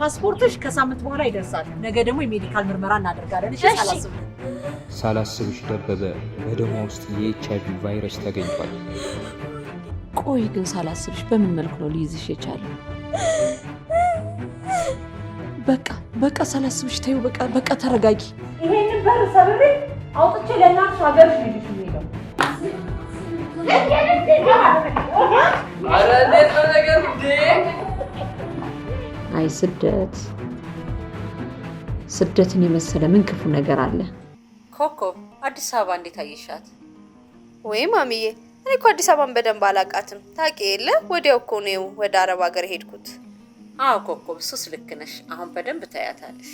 ፓስፖርትሽ ከሳምንት በኋላ ይደርሳል። ነገ ደግሞ የሜዲካል ምርመራ እናደርጋለን። እሺ? ሳላስብሽ ደበበ፣ በደሟ ውስጥ የኤች አይቪ ቫይረስ ተገኝቷል። ቆይ ግን ሳላስብሽ በምን መልኩ ነው ሊይዝሽ የቻለ? በቃ በቃ ሳላስብሽ ተዩ። በቃ በቃ ተረጋጊ። ይሄን በር ሰብሬ አውጥቼ ለእናትሽ ሀገርሽ ልጅ ሚሄደው ነገር አይ ስደት ስደትን የመሰለ ምን ክፉ ነገር አለ? ኮኮብ አዲስ አበባ እንዴት አየሻት? ወይ ማሚዬ፣ እኔ እኮ አዲስ አበባን በደንብ አላውቃትም። ታውቂ የለ ወዲያው እኮ ነው ወደ አረብ ሀገር ሄድኩት። አዎ ኮኮብ፣ እሱስ ልክ ነሽ። አሁን በደንብ ታያታለሽ።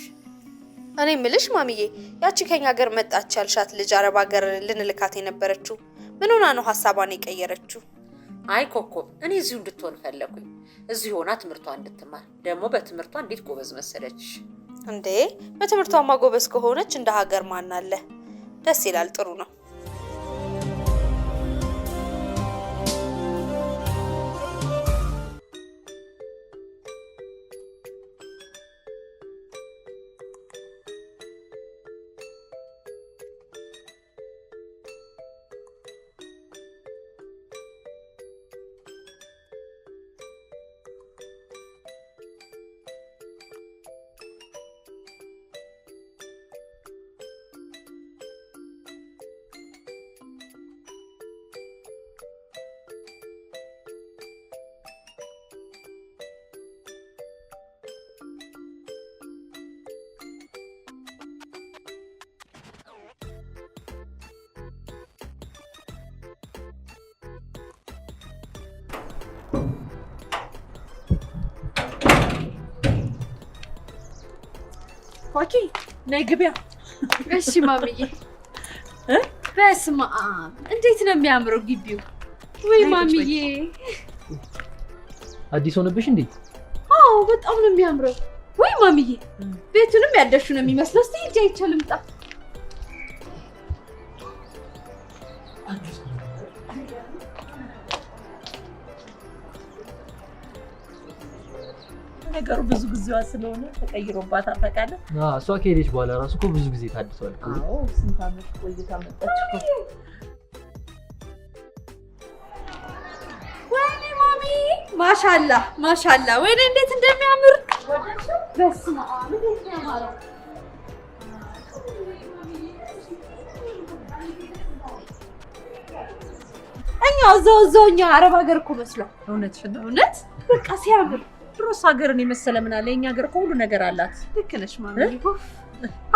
እኔ ምልሽ ማሚዬ፣ ያቺ ከኛ ሀገር መጣች ያልሻት ልጅ አረብ ሀገር ልንልካት የነበረችው ምን ሆና ነው ሀሳቧን የቀየረችው? አይ ኮኮብ፣ እኔ እዚሁ እንድትሆን ፈለኩኝ። እዚሁ ሆና ትምህርቷ እንድትማር ደግሞ በትምህርቷ እንዴት ጎበዝ መሰለች እንዴ! በትምህርቷማ ጎበዝ ከሆነች እንደ ሀገር ማናለ። ደስ ይላል። ጥሩ ነው። ኳኪ ነይ ግቢያ። እሺ ማምዬ። በስመ አብ እንዴት ነው የሚያምረው ግቢው! ወይ ማምዬ፣ አዲስ ሆነብሽ እንዴ? አዎ በጣም ነው የሚያምረው። ወይ ማምዬ፣ ቤቱንም ያደሹ ነው የሚመስለው። እስኪ ሂጅ አይቻልም ጣ ነገሩ ብዙ ጊዜዋ ስለሆነ ተቀይሮባት ታውቃለህ። እሷ ከሄደች በኋላ ራሱ እኮ ብዙ ጊዜ ታድሷል። ስንት ዓመት ቆይታ መጣች ወይኔ ማሚ፣ ማሻላ ማሻላ፣ ወይኔ እንዴት እንደሚያምር እኛ እኛው እዛው እዛው እኛ አረብ ሀገር እኮ መስሏል። እውነት እውነት በቃ ሲያምር ድሮስ ሀገርን የመሰለ ምን አለ? የኛ ሀገር እኮ ሁሉ ነገር አላት። ልክ ነሽ ማሚ።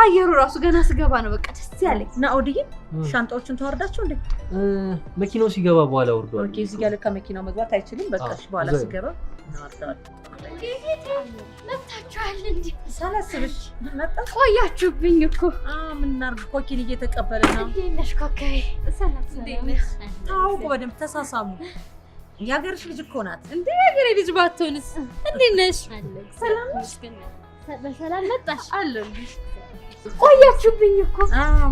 አየሩ ራሱ ገና ስገባ ነው በቃ ደስ ያለኝ። እና ኦድዬ ሻንጣዎችን ተዋርዳቸው እንዴ? መኪናው ሲገባ በኋላ ወርዷል። ኦኬ፣ እዚህ ጋር ለካ መኪናው መግባት አይችልም። በቃ በኋላ ሲገባ እናወርደዋል። እንዴ? ሳላስብሽ መጣ። ቆያችሁብኝ እኮ። ምናርግ። እናድርግ? ኮኪን እየተቀበልን ነው። እንዴት ነሽ ኮካዬ? ታውቁ በደንብ ተሳሳሙ የሀገርሽ ልጅ እኮ ናት እንዴ? የሀገሬ ልጅ ባትሆንስ? እንዴት ነሽ? ሰላም ነሽ? በሰላም መጣሽ? አለሁልሽ። ቆያችሁብኝ እኮ።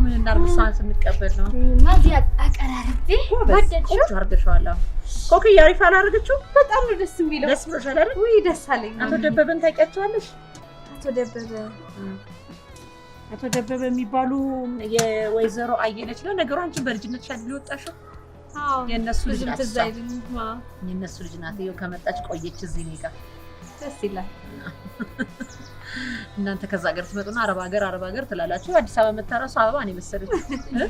ምን እናድርግ? እሷን ስንቀበል ነው ማዚያ አቀራርቤ ወደድሽው አድርገሽዋል። ኮክዬ አሪፍ አላደረገችው? በጣም ነው ደስ የሚለው። ደስ ብሎሻል አይደል? ውይ ደስ አለኝ። አቶ ደበበን ታውቂያቸዋለሽ? አቶ ደበበ አቶ ደበበ የሚባሉ የወይዘሮ አየለች ነው ነገሩ። አንቺ በልጅነትሽ አይደል የወጣሽው? የእነሱ ልጅ ናት። የእነሱ ልጅ ናት። ይኸው ከመጣች ቆየች እዚህ እኔ ጋር ደስ ይላል። እናንተ ከዛ ሀገር ትመጡና አረብ ሀገር አረብ ሀገር ትላላችሁ። አዲስ አበባ መታረሱ አበባ ነው የመሰለች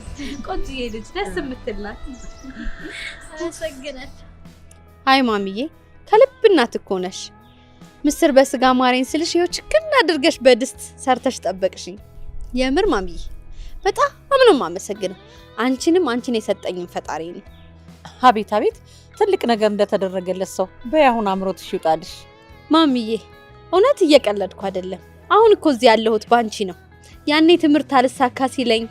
ቆንጆዬ ልጅ ደስ የምትላት አመሰግናለሁ። አይ ማሚዬ ከልብ እናት እኮ ነሽ። ምስር በስጋ ማረኝ ስልሽ ይኸው ችክን አድርገሽ በድስት ሰርተሽ ጠበቅሽኝ። የምር ማሚዬ በጣም ነው የማመሰግነው። አንቺንም አንቺን የሰጠኝን ፈጣሪ ነው። አቤት አቤት፣ ትልቅ ነገር እንደተደረገለት ሰው በይ አሁን አምሮትሽ ይውጣልሽ። ማሚዬ እውነት እየቀለድኩ አይደለም። አሁን እኮ እዚህ ያለሁት ባንቺ ነው። ያኔ ትምህርት አልሳካ ሲለኝ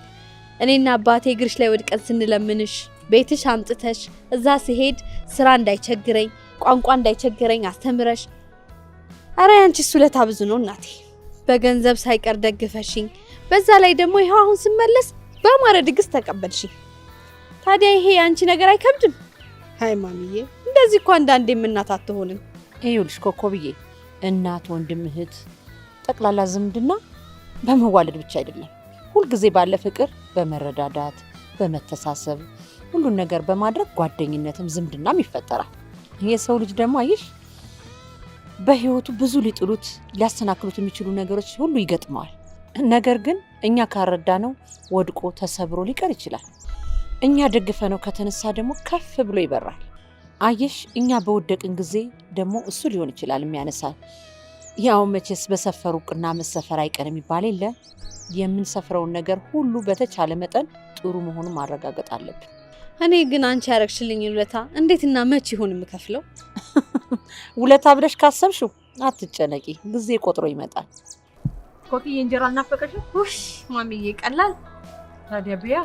እኔና አባቴ እግርሽ ላይ ወድቀን ስንለምንሽ ቤትሽ አምጥተሽ እዛ ሲሄድ ስራ እንዳይቸግረኝ ቋንቋ እንዳይቸግረኝ አስተምረሽ። አረ ያንቺስ ውለታ ብዙ ነው እናቴ፣ በገንዘብ ሳይቀር ደግፈሽኝ። በዛ ላይ ደግሞ ይኸው አሁን ስመለስ በአማረ ድግስ ተቀበልሽኝ። ታዲያ ይሄ አንቺ ነገር አይከብድም? ሀይ ማሚዬ፣ እንደዚህ እኮ አንዳንዴ እናት አትሆንም። ይኸውልሽ ኮኮብዬ፣ እናት፣ ወንድም፣ እህት፣ ጠቅላላ ዝምድና በመዋለድ ብቻ አይደለም። ሁልጊዜ ባለ ፍቅር፣ በመረዳዳት፣ በመተሳሰብ ሁሉን ነገር በማድረግ ጓደኝነትም ዝምድናም ይፈጠራል። የሰው ልጅ ደግሞ አይሽ በህይወቱ ብዙ ሊጥሉት ሊያሰናክሉት የሚችሉ ነገሮች ሁሉ ይገጥመዋል። ነገር ግን እኛ ካረዳ ነው ወድቆ ተሰብሮ ሊቀር ይችላል። እኛ ደግፈ ነው ከተነሳ ደግሞ ከፍ ብሎ ይበራል። አየሽ፣ እኛ በወደቅን ጊዜ ደግሞ እሱ ሊሆን ይችላል የሚያነሳል። ያው መቼስ በሰፈሩ ቅና መሰፈር አይቀር የሚባል የለ። የምንሰፍረውን ነገር ሁሉ በተቻለ መጠን ጥሩ መሆኑን ማረጋገጥ አለብን። እኔ ግን አንቺ ያረግሽልኝ ውለታ እንዴትና መች ይሆን የምከፍለው? ውለታ ብለሽ ካሰብሽው አትጨነቂ፣ ጊዜ ቆጥሮ ይመጣል። ኮፊ እንጀራ አልናፈቀሽም? ሽ ማሚዬ፣ ቀላል ታዲያ ብያ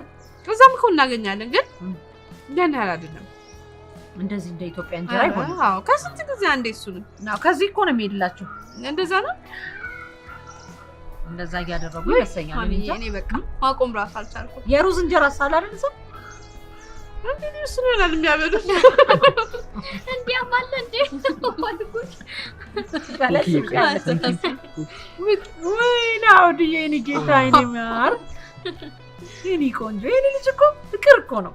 ከዛም እኮ እናገኛለን፣ ግን ያን ያህል አይደለም። እንደዚህ እንደ ኢትዮጵያ እንጀራ ይሆናል። አዎ፣ ከስንት ጊዜ አንዴ እሱ ነው። ከዚህ እኮ ነው የሚሄድላችሁ። እንደዛ ነው፣ እንደዛ እያደረጉ ይመስለኛል። እኔ በቃ ማቆም ራሱ አልቻልኩም። የሩዝ እንጀራ ሳል አይደል እንዴ እሱ ነው ይሆናል የሚያበሉት? እንዲያም አለ እንዴ ወይ ናውድዬ፣ የእኔ ጌታ፣ የእኔ ማር የኔ ቆንጆ የኔ ልጅ እኮ ፍቅር እኮ ነው።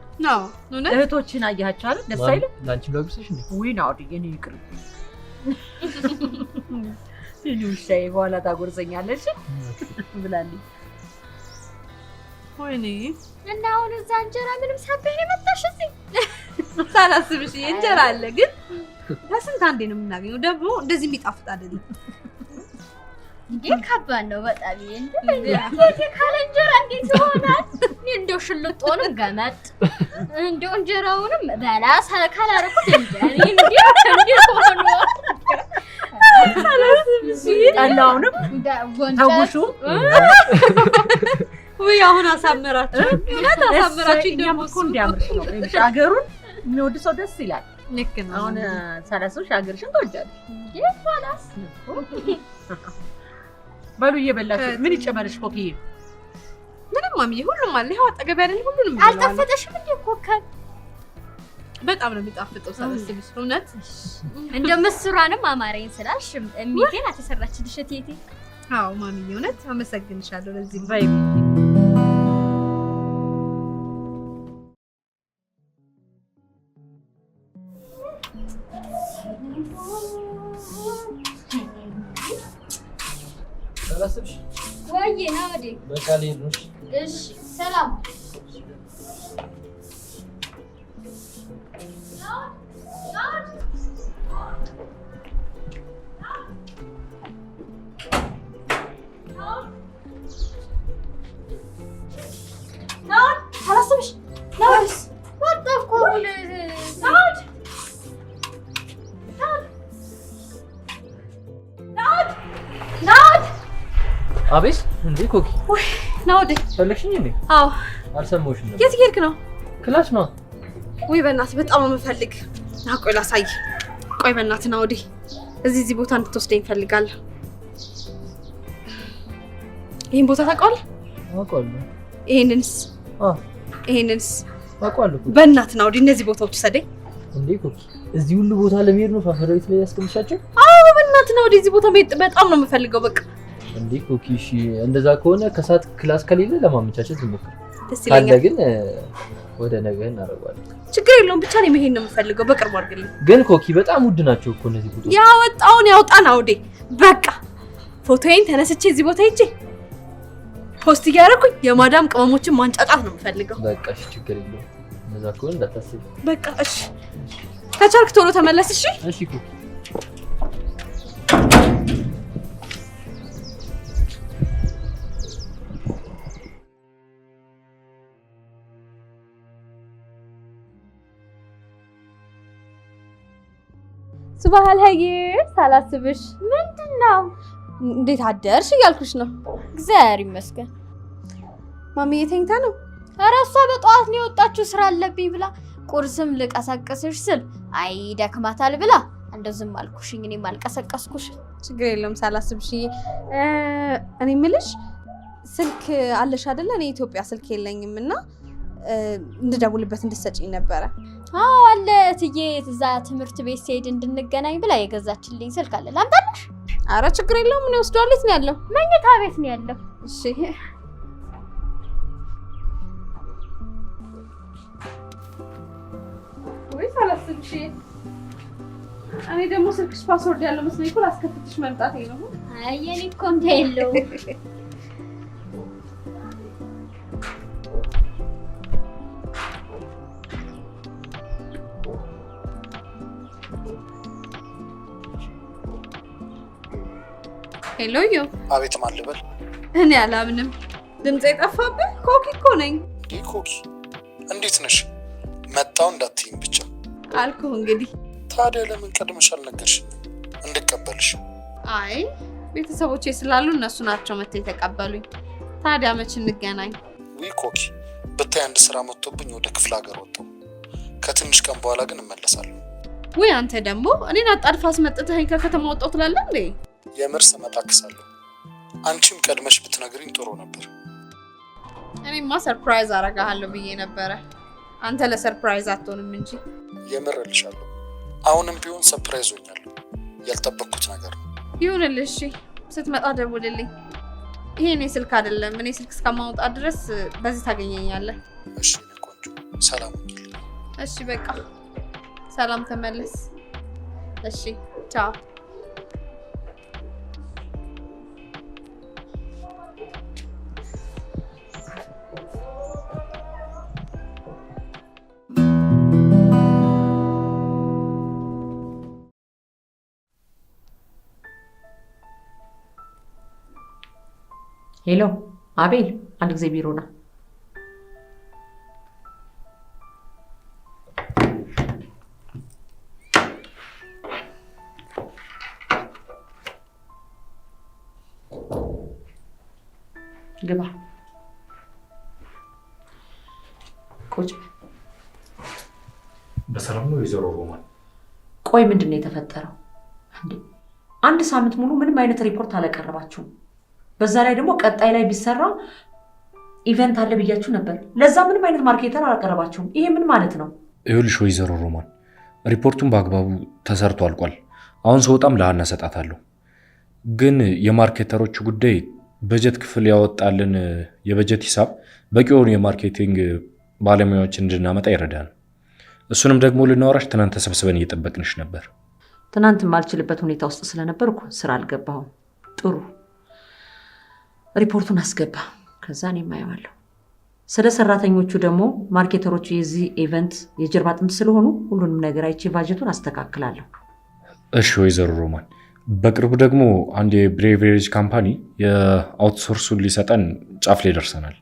እህቶችን አያቸው ደስ አይልም? ለአንቺ ጋብሰሽ ውይ ናውድ የኔ ይቅር ውሻዬ በኋላ ታጎርሰኛለች ብላለች። ወይኔ እና አሁን እዛ እንጀራ ምንም ሳትበይ የመጣሽ እዚህ ሳላስብሽ እንጀራ አለ። ግን ለስንት አንዴ ነው የምናገኘው ደግሞ እንደዚህ የሚጣፍጥ አይደለም። ይህ ከባድ ነው በጣም ካለ እንጀራ እንዴት ይሆናል? እንደው ሽልጦንም ገመጥ እንደው እንጀራውንም በላስ ካላረኩት ጠላውንም አሁን አሳምራችሁ የሚወድ ሰው ደስ ይላል። ልክ ነው። አሁን ሰላሶች ሀገርሽን ትወጃለሽ። በሉ እየበላችሁ ምን ይጨመርሽ? ኮክዬ ምንም ማሚዬ፣ ሁሉም አለ። ይኸው አጠገብ ያለን ሁሉንም አልጣፈጠሽም እንዴ? ኮከብ በጣም ነው የሚጣፍጠው ሳበስልሽ፣ እውነት እንደ ምስሯንም አማረኝ ስላልሽ እሚቴን አተሰራችልሽ እቴቴ። አዎ ማሚዬ፣ እውነት አመሰግንሻለሁ ለዚህ በቃ ልሄድ ነው። እሺ ሰላም አቤት እንዴ ኮኪ ነው ናውዴ ፈለግሽኝ እንዴ? አዎ አልሰማሁሽም ነበር። የት ሄድክ ነው? ክላስ ነው። ውይ በእናትህ በጣም የምፈልግ ና ቆይ ላሳይህ። ቆይ በእናትህ ናውዴ እዚህ እዚህ ቦታ እንድትወስደኝ እፈልጋለሁ። ይህን ቦታ ታውቀዋለህ? አውቀዋለሁ። ይሄንንስ? አዎ ይሄንንስ? አውቀዋለሁ። በእናትህ ናውዴ እነዚህ ቦታዎች ውሰደኝ። እንዴ ኮኪ እዚህ ሁሉ ቦታ ለመሄድ ነው ፋፈራዊት ላይ ያስቀምሻቸው? አዎ በእናትህ ናውዴ እዚህ ቦታ መሄድ በጣም ነው የምፈልገው በቃ እንዴ ኮኪ እሺ፣ እንደዛ ከሆነ ከሰዓት ክላስ ከሌለ ለማመቻቸት እንሞክር። ካለ ግን ወደ ነገ እናደርገዋለን። ችግር የለውም። ብቻ ነው መሄድ ነው የምፈልገው። በቅርቡ አድርግልኝ። ግን ኮኪ በጣም ውድ ናቸው እኮ እነዚህ ፎቶ። ያወጣውን ያውጣን አውዴ። በቃ ፎቶዬን ተነስቼ እዚህ ቦታ ሂጄ ፖስት እያደረኩኝ የማዳም ቅመሞችን ማንጫጫት ነው የምፈልገው። በቃ እሺ፣ ችግር የለውም። እንደዛ ከሆነ እንዳታስብ። በቃ እሺ፣ ከቻልክ ቶሎ ተመለስ። እሺ፣ እሺ ኮኪ ባህላዬ ሳላስብሽ። ምንድን ነው? እንዴት አደርሽ እያልኩሽ ነው። እግዚአብሔር ይመስገን። ማሚዬ ተኝታ ነው? ኧረ እሷ በጠዋት ነው የወጣችው ስራ አለብኝ ብላ። ቁርስም ልቀሰቅስሽ ስል አይ ደክማታል ብላ እንደው ዝም እኔ አልቀሰቀስኩሽ። ችግር የለም ሳላስብሽ። እኔ የምልሽ ስልክ አለሽ አይደለ? እኔ ኢትዮጵያ ስልክ የለኝም እና እንድደውልበት እንድትሰጪኝ ነበረ አዎ አለ እትዬ እዛ ትምህርት ቤት ሲሄድ እንድንገናኝ ብላ የገዛችልኝ ስልክ አለ ላምጣልሽ? አረ ችግር የለውም ምን ወስደዋለሁ። ነው ያለው? መኝታ ቤት ነው ያለው። እሺ እኔ ደግሞ ስልክሽ ፓስወርድ ያለው መስሎኝ እኮ ላስከፍትሽ መምጣቴ ነው። አይ የኔ እኮ እንደ የለውም ሄሎዮ። አቤት፣ ማን ልበል? እኔ አላምንም። ድምፅ የጠፋብህ ኮኪ እኮ ነኝ። ኮኪ፣ እንዴት ነሽ? መጣው እንዳትይኝ ብቻ አልኩህ። እንግዲህ ታዲያ ለምን ቀድመሽ አልነገርሽ እንድቀበልሽ? አይ ቤተሰቦቼ ስላሉ እነሱ ናቸው መተው የተቀበሉኝ። ታዲያ መች እንገናኝ? ውይ ኮኪ፣ ብታይ አንድ ስራ መጥቶብኝ ወደ ክፍለ ሀገር ወጣሁ። ከትንሽ ቀን በኋላ ግን እመለሳለሁ። ውይ አንተ ደግሞ እኔን አጣድፋ አስመጥተኸኝ ከከተማ ወጣው ትላለህ እንዴ? የምር ስመጣ አንቺም ቀድመሽ ብትነግሪኝ ጥሩ ነበር። እኔማ ሰርፕራይዝ አረጋሃለሁ ብዬ ነበረ። አንተ ለሰርፕራይዝ አትሆንም እንጂ የምር እልሻለሁ። አሁንም ቢሆን ሰርፕራይዝ ሆኛለሁ። ያልጠበቅኩት ነገር ነው። ይሁንልሽ። ስትመጣ ደውልልኝ። ይሄ እኔ ስልክ አይደለም። እኔ ስልክ እስከማውጣት ድረስ በዚህ ታገኘኛለህ። እሺ ቆንጆ፣ ሰላም። እሺ በቃ ሰላም፣ ተመለስ። እሺ ቻው። ሄሎ አቤል፣ አንድ ጊዜ ቢሮ ና። ግባ ቁጭ። በሰላም ነው ወይዘሮ ሮማን? ቆይ ምንድን ነው የተፈጠረው? አንድ ሳምንት ሙሉ ምንም አይነት ሪፖርት አላቀረባችሁም። በዛ ላይ ደግሞ ቀጣይ ላይ ቢሰራ ኢቨንት አለ ብያችሁ ነበር። ለዛ ምንም አይነት ማርኬተር አላቀረባችሁም። ይሄ ምን ማለት ነው? ይኸውልሽ ወይዘሮ ሮማን ሪፖርቱን በአግባቡ ተሰርቶ አልቋል። አሁን ስወጣም ለሀና እሰጣታለሁ። ግን የማርኬተሮች ጉዳይ በጀት ክፍል ያወጣልን የበጀት ሂሳብ በቂ የሆኑ የማርኬቲንግ ባለሙያዎች እንድናመጣ ይረዳል። እሱንም ደግሞ ልናወራሽ ትናንት ተሰብስበን እየጠበቅንሽ ነበር። ትናንት ማልችልበት ሁኔታ ውስጥ ስለነበርኩ ስራ አልገባሁም። ጥሩ ሪፖርቱን አስገባ። ከዛ እኔ የማየዋለሁ። ስለ ሰራተኞቹ ደግሞ ማርኬተሮቹ የዚህ ኢቨንት የጀርባ አጥንት ስለሆኑ ሁሉንም ነገር አይቼ ባጀቱን አስተካክላለሁ። እሺ ወይዘሮ ሮማን፣ በቅርቡ ደግሞ አንድ የብሬቬሬጅ ካምፓኒ የአውትሶርሱን ሊሰጠን ጫፍ ላይ ደርሰናል።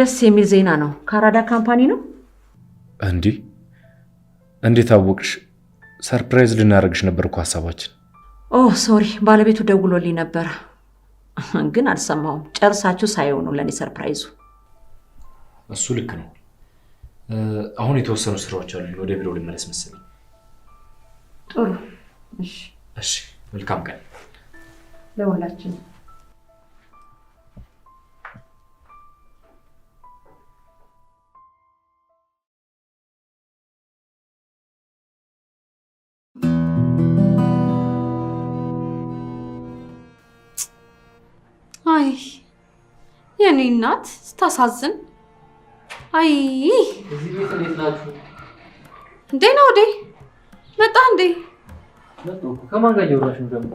ደስ የሚል ዜና ነው። ካራዳ ካምፓኒ ነው። እንዲህ እንዴት አወቅሽ? ሰርፕራይዝ ልናደርግሽ ነበር እኮ ሀሳባችን። ኦ ሶሪ፣ ባለቤቱ ደውሎልኝ ነበር። ግን አልሰማሁም። ጨርሳችሁ ሳይሆኑ ለእኔ ሰርፕራይዙ። እሱ ልክ ነው። አሁን የተወሰኑ ስራዎች አሉ፣ ወደ ቢሮ ልመለስ መሰለኝ። ጥሩ። እሺ፣ መልካም ቀን ለሁላችን። የኔ እናት ስታሳዝን። አይ እንዴ ነው ወዴ መጣ እንዴ? ከማን ጋር እያወራሽ ነው ደግሞ?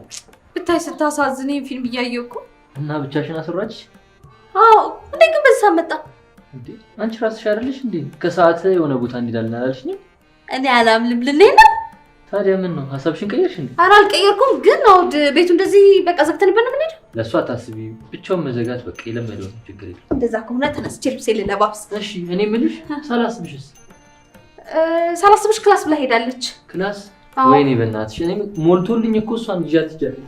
ብታይ ስታሳዝን። ይህን ፊልም እያየሁ እኮ እና ብቻሽን አስራች አዎ። እንዴ ግን በዛ መጣ አንቺ ራስሽ አይደለሽ እንዴ ከሰዓት የሆነ ቦታ እንሄዳለን አላልሽኝም? እኔ አላምንም። ልልኝ ነው ታዲያ ምን ነው ሀሳብሽን ቀየርሽ እንዴ? ኧረ አልቀየርኩም። ግን ነው ቤቱ እንደዚህ በቃ ዘግተንበት ነው የምንሄደው ለእሷ ታስቢ ብቻውን መዘጋት በቃ የለመደው ችግር የለም። እንደዛ ከሆነ ተነስቼ ልብሴ ልለባብስ። እሺ እኔ የምልሽ ሳላስብሽስ? ሳላስብሽ ክላስ ብላ ሄዳለች። ክላስ? ወይኔ በእናትሽ እኔ ሞልቶልኝ እኮ እሷን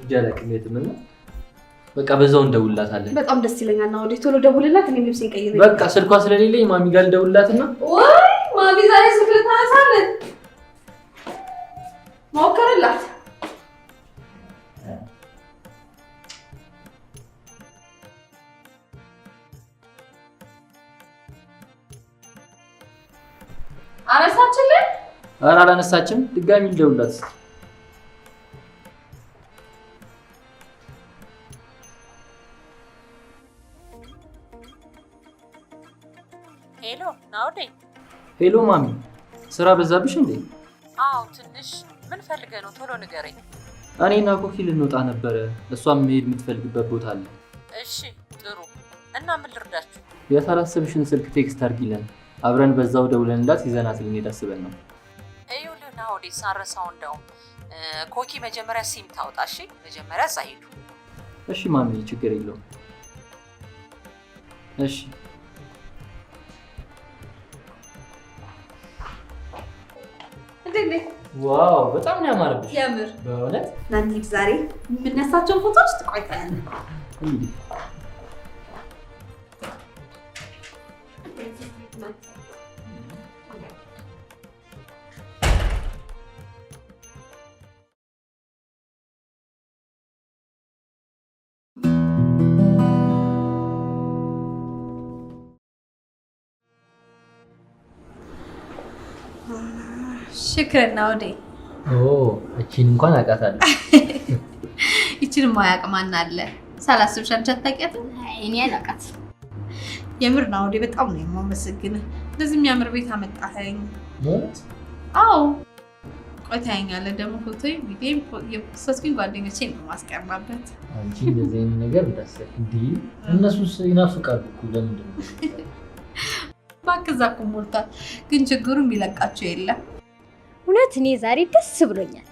እጃላቅም የትም እና በቃ በዛው እንደውልላታለን። በጣም ደስ ይለኛል። ና ወደ ቶሎ ደውልላት። እኔ ልብሴን ቀይሬ በቃ ስልኳ ስለሌለኝ ማሚ ጋር ልደውልላትና ወይ ማሚ ዛሬ ስልክ ልታነሳለን ሞከርላት አነሳችልህ? ኧረ አላነሳችም። ድጋሚ ልደውላት እስኪ። ሄሎ ናውዴ። ሄሎ ማሚ፣ ስራ በዛብሽ እንዴ? አዎ ትንሽ። ምን ፈልገህ ነው? ቶሎ ንገረኝ። እኔ እና ኮኪ ልንወጣ ነበረ። እሷም መሄድ የምትፈልግበት ቦታ አለ። እሺ ጥሩ። እና ምን ልርዳችሁ? ያላሰብሽን ስልክ ቴክስት አድርጊለን አብረን በዛው ደውለንላት ይዘናት ልንሄድ አስበን ነው። ይኸውልህና ወደ ሳረሳው እንደውም ኮኪ መጀመሪያ ሲም ታውጣ። እሺ መጀመሪያ እዛ ሂዱ። እሺ ማሚ፣ ችግር የለውም። እሺ ዋው በጣም ነው ያማረብሽ። የምር በእውነት ናንቲክ ዛሬ የምነሳቸውን ፎቶዎች ትቆይታያለ። Tamam. ሽክርና ወዴ እቺን እንኳን አውቃታለሁ። ይቺን ማያውቅ አለ? ሳላስብሽ አንቺ አታውቂያትም? እኔ አላውቃትም። የምር ናውዴ በጣም ነው የማመሰግንህ። እንደዚህ የሚያምር ቤት አመጣኸኝ። አዎ ቆይ ታየኛለህ። ደግሞ ፎቶ የፖስትኩኝ ጓደኞቼ ነው የማስቀናበት። አንቺ እንደዚህ ዓይነት ነገር እንዳሰብ እንዲ እነሱስ ይናፍቃሉ እኮ ለምንድን ነው እባክህ። እዛ እኮ ሞልቷል፣ ግን ችግሩ የሚለቃቸው የለም። እውነት እኔ ዛሬ ደስ ብሎኛል።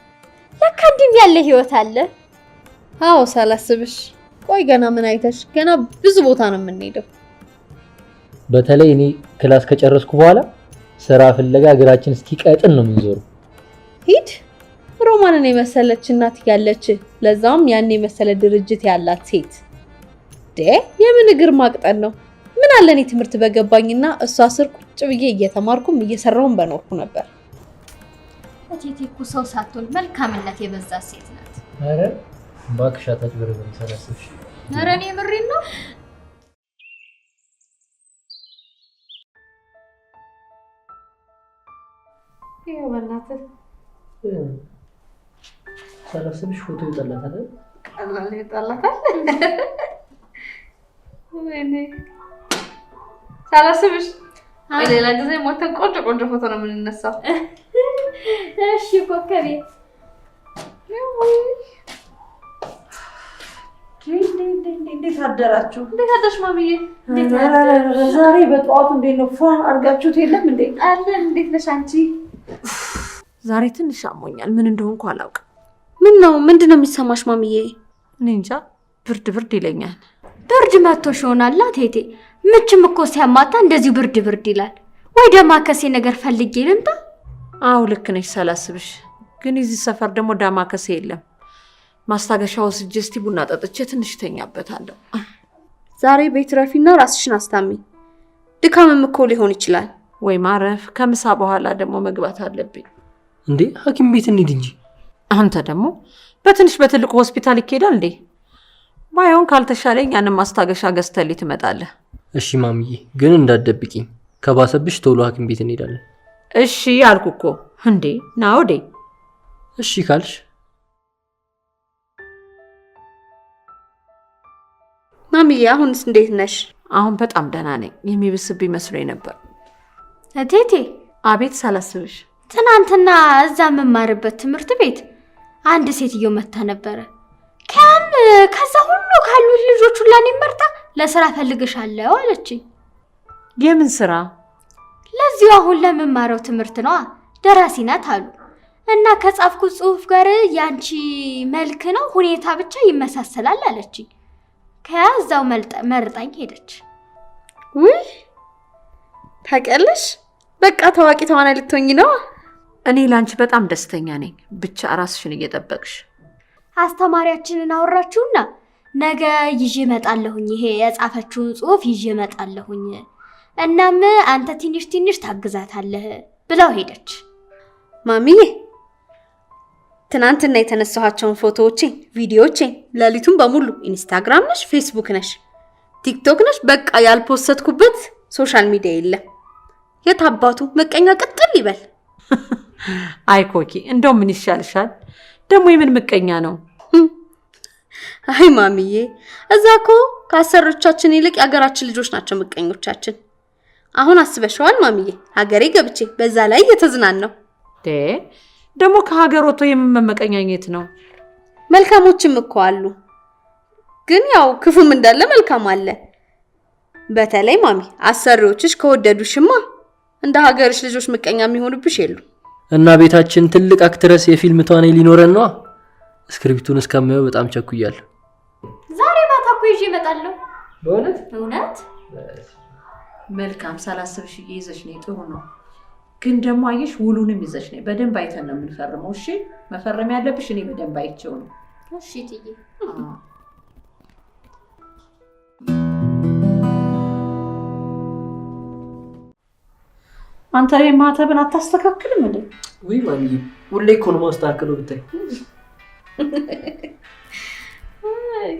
ለካ እንዲህም ያለ ህይወት አለ። አዎ ሳላስብሽ። ቆይ ገና ምን አይተሽ? ገና ብዙ ቦታ ነው የምንሄደው። በተለይ እኔ ክላስ ከጨረስኩ በኋላ ስራ ፍለጋ እግራችን እስኪቀጥን ነው የምንዞረው። ሂድ ሮማንን የመሰለች እናት ያለች ለዛውም ያን የመሰለ ድርጅት ያላት ሴት ዴ የምን እግር ማቅጠን ነው? ምን አለ እኔ ትምህርት በገባኝና እሷ ስር ቁጭ ብዬ እየተማርኩም እየሰራውም በኖርኩ ነበር። እቴቴ እኮ ሰው ሳትሆን መልካምነት የበዛ ሴት ናት። ኧረ እባክሽ አታጭበርብሪ። ሰላሳ ኧረ እኔ ነው ይኸው በእናትህ ሳላስብሽ ፎቶ ይወጣላታል። ቀላል ይወጣላታል። ወይኔ ሳላስብሽ ሌላ ጊዜ ሞተን ቆንጆ ቆንጆ ፎቶ ነው የምንነሳው። እሺ ኮከቤ እንዴት አደራችሁ? እንዴት አደርሽ ማሚዬ? ዛሬ በጠዋቱ እንዴት ነው ፏ አድርጋችሁት? የለም እንዴ አለን። እንዴት ነሽ አንቺ? ዛሬ ትንሽ አሞኛል። ምን እንደሆንኩ አላውቅም። ምን ነው? ምንድን ነው የሚሰማሽ ማምዬ? እኔ እንጃ፣ ብርድ ብርድ ይለኛል። ብርድ መቶሽ ይሆናላ ቴቴ። ምችም እኮ ሲያማታ እንደዚሁ ብርድ ብርድ ይላል። ወይ ዳማከሴ ነገር ፈልጌ ልምጣ? አው ልክ ነሽ ሳላስብሽ። ግን የዚህ ሰፈር ደግሞ ዳማከሴ የለም። ማስታገሻ ወስጄ እስቲ ቡና ጠጥቼ ትንሽ ተኛበታለሁ። ዛሬ ቤት ረፊና ራስሽን አስታሚ። ድካምም እኮ ሊሆን ይችላል። ወይ ማረፍ፣ ከምሳ በኋላ ደግሞ መግባት አለብኝ። እንዴ ሐኪም ቤት እንሂድ እንጂ። አንተ ደግሞ በትንሽ በትልቁ ሆስፒታል ይካሄዳል እንዴ? ባይሆን ካልተሻለኝ ያንን ማስታገሻ ገዝተህልኝ ትመጣለህ። እሺ ማምዬ፣ ግን እንዳትደብቂኝ። ከባሰብሽ ቶሎ ሐኪም ቤት እንሄዳለን። እሺ አልኩ እኮ እንዴ። ና ወዴ። እሺ ካልሽ ማምዬ። አሁንስ እንዴት ነሽ? አሁን በጣም ደህና ነኝ። የሚብስብኝ መስሎኝ ነበር። እቴቴ አቤት ሳላስብሽ ትናንትና እዛ የምማርበት ትምህርት ቤት አንድ ሴትዮ መታ ነበረ ከም ከዛ ሁሉ ካሉት ልጆች ሁላ እኔን ለስራ ፈልግሻለሁ አለችኝ የምን ስራ ለዚሁ አሁን ለምማረው ትምህርት ነዋ ደራሲ ናት አሉ እና ከጻፍኩት ጽሁፍ ጋር ያንቺ መልክ ነው ሁኔታ ብቻ ይመሳሰላል አለችኝ ከያ እዛው መርጣኝ ሄደች ውይ ታውቂያለሽ በቃ ታዋቂ ተዋናይ ልትሆኝ ነው። እኔ ላንቺ በጣም ደስተኛ ነኝ። ብቻ ራስሽን እየጠበቅሽ አስተማሪያችንን አወራችሁና ነገ ይዤ እመጣለሁኝ። ይሄ የጻፈችውን ጽሑፍ ይዤ እመጣለሁኝ። እናም አንተ ትንሽ ትንሽ ታግዛታለህ ብለው ሄደች። ማሚዬ ትናንትና የተነሳኋቸውን ፎቶዎቼ፣ ቪዲዮዎቼን ሌሊቱን በሙሉ ኢንስታግራም ነሽ፣ ፌስቡክ ነሽ፣ ቲክቶክ ነሽ፣ በቃ ያልፖሰትኩበት ሶሻል ሚዲያ የለም። የት አባቱ ምቀኛ ቅጥል ይበል። አይ ኮኪ፣ እንደው ምን ይሻልሻል? ደግሞ የምን ምቀኛ ነው? አይ ማሚዬ፣ እዛ እኮ ከአሰሮቻችን ይልቅ የሀገራችን ልጆች ናቸው ምቀኞቻችን። አሁን አስበሸዋል ማሚዬ፣ ሀገሬ ገብቼ በዛ ላይ ነው። ደግሞ ከሀገር ወጥቶ የምመመቀኛኘት ነው። መልካሞችም እኮ አሉ፣ ግን ያው ክፉም እንዳለ መልካም አለ። በተለይ ማሚ አሰሪዎችሽ ከወደዱሽማ እንደ ሀገርሽ ልጆች ምቀኛ የሚሆኑብሽ የሉ። እና ቤታችን ትልቅ አክትረስ የፊልም ተዋናይ ሊኖረን ነዋ። እስክሪፕቱን እስከማየው በጣም ቸኩያለሁ። ዛሬ ማታ እኮ ይዤ እመጣለሁ። በእውነት እውነት? መልካም ሳላስብሽ ይዘሽ ነይ። ጥሩ ነው። ግን ደግሞ አየሽ፣ ውሉንም ይዘሽ ነይ። በደንብ አይተን ነው የምንፈርመው። እሺ፣ መፈረም ያለብሽ እኔ በደንብ አይቼው ነው። እሺ ትዬ አንተ እኔ ማተብን አታስተካክልም እንዴ? ወይ ማንዬ፣ ሁሌ እኮ ነው ማስተካከለው። ብታይ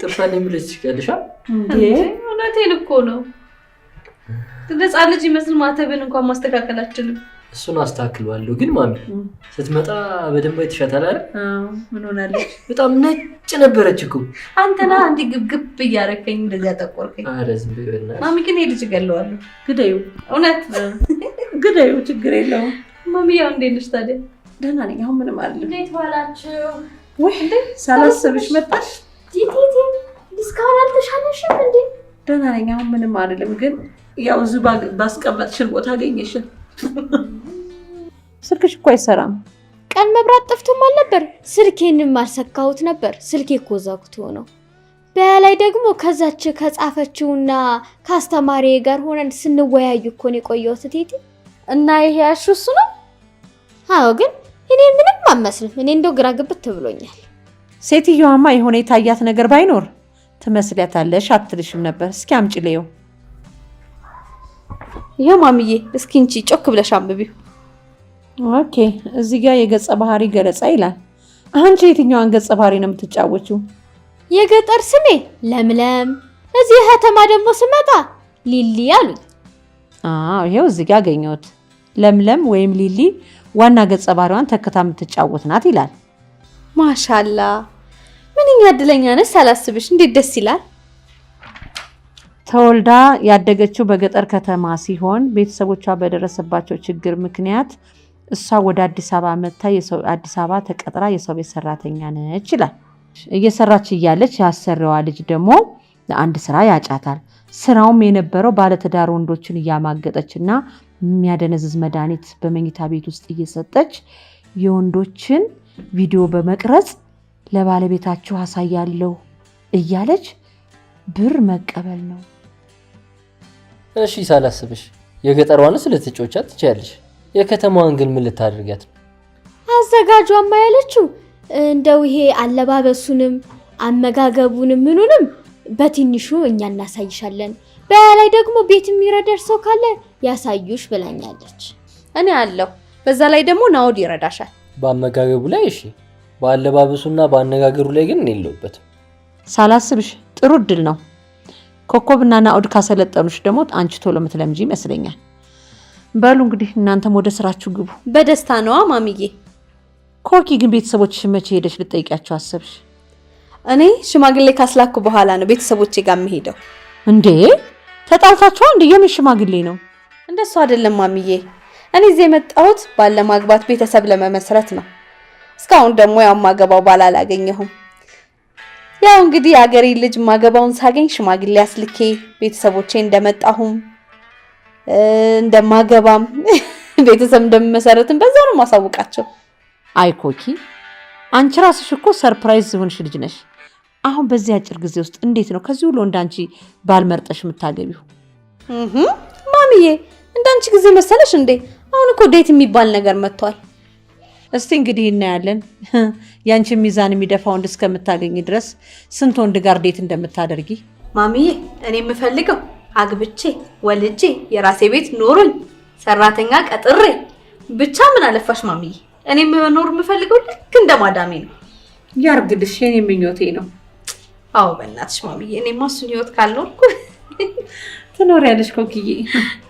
ጥርሷን የሚለች ይቀልሻ። እውነቴን እኮ ነው። ህፃን ልጅ ይመስል ማተብን እንኳን ማስተካከል አችልም። እሱን አስተካክለዋለሁ። ግን ማሚ ስትመጣ በደንብ አይተሻታል አይደል? ምን ሆናለች? በጣም ነጭ ነበረች እኮ። አንተና ና ግብግብ እያረከኝ እንደዚያ ጠቆርከኝ። ማሚ ግን ሄድ እችገለዋለሁ። ግደዩ እውነት ግደዩ፣ ችግር የለውም። ማሚያው እንዴት ነሽ ታዲያ? ደህና ነኝ። አሁን ምንም አይደለም። እንዴት ዋላችሁ? ወይ ሳላስብሽ መጣሽ። ቲቲቲ እስካሁን አልተሻለሽም እንዴ? ደህና ነኝ። አሁን ምንም አይደለም። ግን ያው እዚህ ባስቀመጥሽን ቦታ አገኘሽን። ስልክሽ እኮ አይሰራም። ቀን መብራት ጠፍቶም አልነበር። ስልኬንም አልሰካሁት ነበር። ስልኬ እኮ ዘግቶ ነው። በላይ ደግሞ ከዛች ከጻፈችውና ከአስተማሪ ጋር ሆነን ስንወያዩ እኮ ነው የቆየሁት እና ይሄ ያልሽው እሱ ነው? አዎ፣ ግን እኔ ምንም አመስልም። እኔ እንደው ግራ ግብት ብሎኛል። ሴትዮዋማ የሆነ የታያት ነገር ባይኖር ትመስሊያታለሽ አትልሽም ነበር። እስኪ አምጪልየው። ይኸው ማምዬ፣ እስኪ እንቺ ጮክ ብለሽ አንብቢው። ኦኬ፣ እዚህ ጋር የገጸ ባህሪ ገለጻ ይላል። አንቺ የትኛዋን ገጸ ባህሪ ነው የምትጫወችው? የገጠር ስሜ ለምለም፣ እዚህ ከተማ ደግሞ ስመጣ ሊሊ አሉኝ። አዎ፣ ይሄው እዚህ ጋር አገኘሁት። ለምለም ወይም ሊሊ ዋና ገጸ ባህሪዋን ተክታ የምትጫወት ናት ይላል። ማሻላ ምንኛ እድለኛ ነች ሳላስብሽ እንዴት ደስ ይላል። ተወልዳ ያደገችው በገጠር ከተማ ሲሆን ቤተሰቦቿ በደረሰባቸው ችግር ምክንያት እሷ ወደ አዲስ አበባ መጥታ አዲስ አበባ ተቀጥራ የሰው ቤት ሰራተኛ ነች ይላል። እየሰራች እያለች ያሰሪዋ ልጅ ደግሞ ለአንድ ስራ ያጫታል። ስራውም የነበረው ባለትዳር ወንዶችን እያማገጠች እና የሚያደነዝዝ መድኃኒት በመኝታ ቤት ውስጥ እየሰጠች የወንዶችን ቪዲዮ በመቅረጽ ለባለቤታችሁ አሳያለሁ እያለች ብር መቀበል ነው። እሺ ሳላስብሽ የገጠሯንስ ልትጮቻት ትችያለሽ። የከተማዋን ግን ምን ልታደርጊያት ነው? አዘጋጇማ ያለችው እንደው ይሄ አለባበሱንም አመጋገቡንም ምኑንም በትንሹ እኛ እናሳይሻለን። በያ ላይ ደግሞ ቤት የሚረደር ሰው ካለ ያሳዩሽ ብላኛለች። እኔ አለሁ። በዛ ላይ ደግሞ ናውድ ይረዳሻል። በአመጋገቡ ላይ እሺ፣ በአለባበሱና በአነጋገሩ ላይ ግን እኔ ሳላስብሽ ጥሩ እድል ነው። ኮከብና ናኦድ ካሰለጠኑሽ ደግሞ አንቺ ቶሎ ምትለምጂ ይመስለኛል። በሉ እንግዲህ እናንተም ወደ ስራችሁ ግቡ። በደስታ ነዋ ማሚዬ። ኮኪ ግን ቤተሰቦች መቼ ሄደሽ ልጠይቂያቸው አሰብሽ? እኔ ሽማግሌ ካስላኩ በኋላ ነው ቤተሰቦቼ ጋር የምሄደው። እንዴ ተጣልታችኋል? እንደ የምን ሽማግሌ ነው? እንደሱ አይደለም ማሚዬ፣ እኔ እዚህ የመጣሁት ባለ ማግባት ቤተሰብ ለመመስረት ነው። እስካሁን ደግሞ ያው ማገባው ባል አላገኘሁም። ያው እንግዲህ የአገሬ ልጅ ማገባውን ሳገኝ ሽማግሌ አስልኬ ቤተሰቦቼ እንደመጣሁም እንደማገባም ቤተሰብ እንደምመሰረትም በዛ ነው ማሳውቃቸው። አይ ኮኪ፣ አንቺ ራስሽ እኮ ሰርፕራይዝ ሆንሽ ልጅ ነሽ። አሁን በዚህ አጭር ጊዜ ውስጥ እንዴት ነው ከዚህ ሁሉ እንዳንቺ ባልመርጠሽ የምታገቢው? ማሚዬ እንዳንቺ ጊዜ መሰለሽ እንዴ? አሁን እኮ ዴት የሚባል ነገር መጥቷል። እስቲ እንግዲህ እናያለን ያንቺ ሚዛን የሚደፋ ወንድ እስከምታገኝ ድረስ ስንት ወንድ ጋር ዴት እንደምታደርጊ። ማሚዬ፣ እኔ የምፈልገው አግብቼ ወልጄ የራሴ ቤት ኖሮኝ ሰራተኛ ቀጥሬ ብቻ ምን አለፋሽ ማሚዬ፣ እኔ መኖር የምፈልገው ልክ እንደ ማዳሜ ነው። ያርግልሽ፣ የኔ ምኞቴ ነው። አዎ በእናትሽ ማሚዬ፣ እኔማ እሱን ህይወት ካልኖርኩ ትኖሪያለሽ ኮክዬ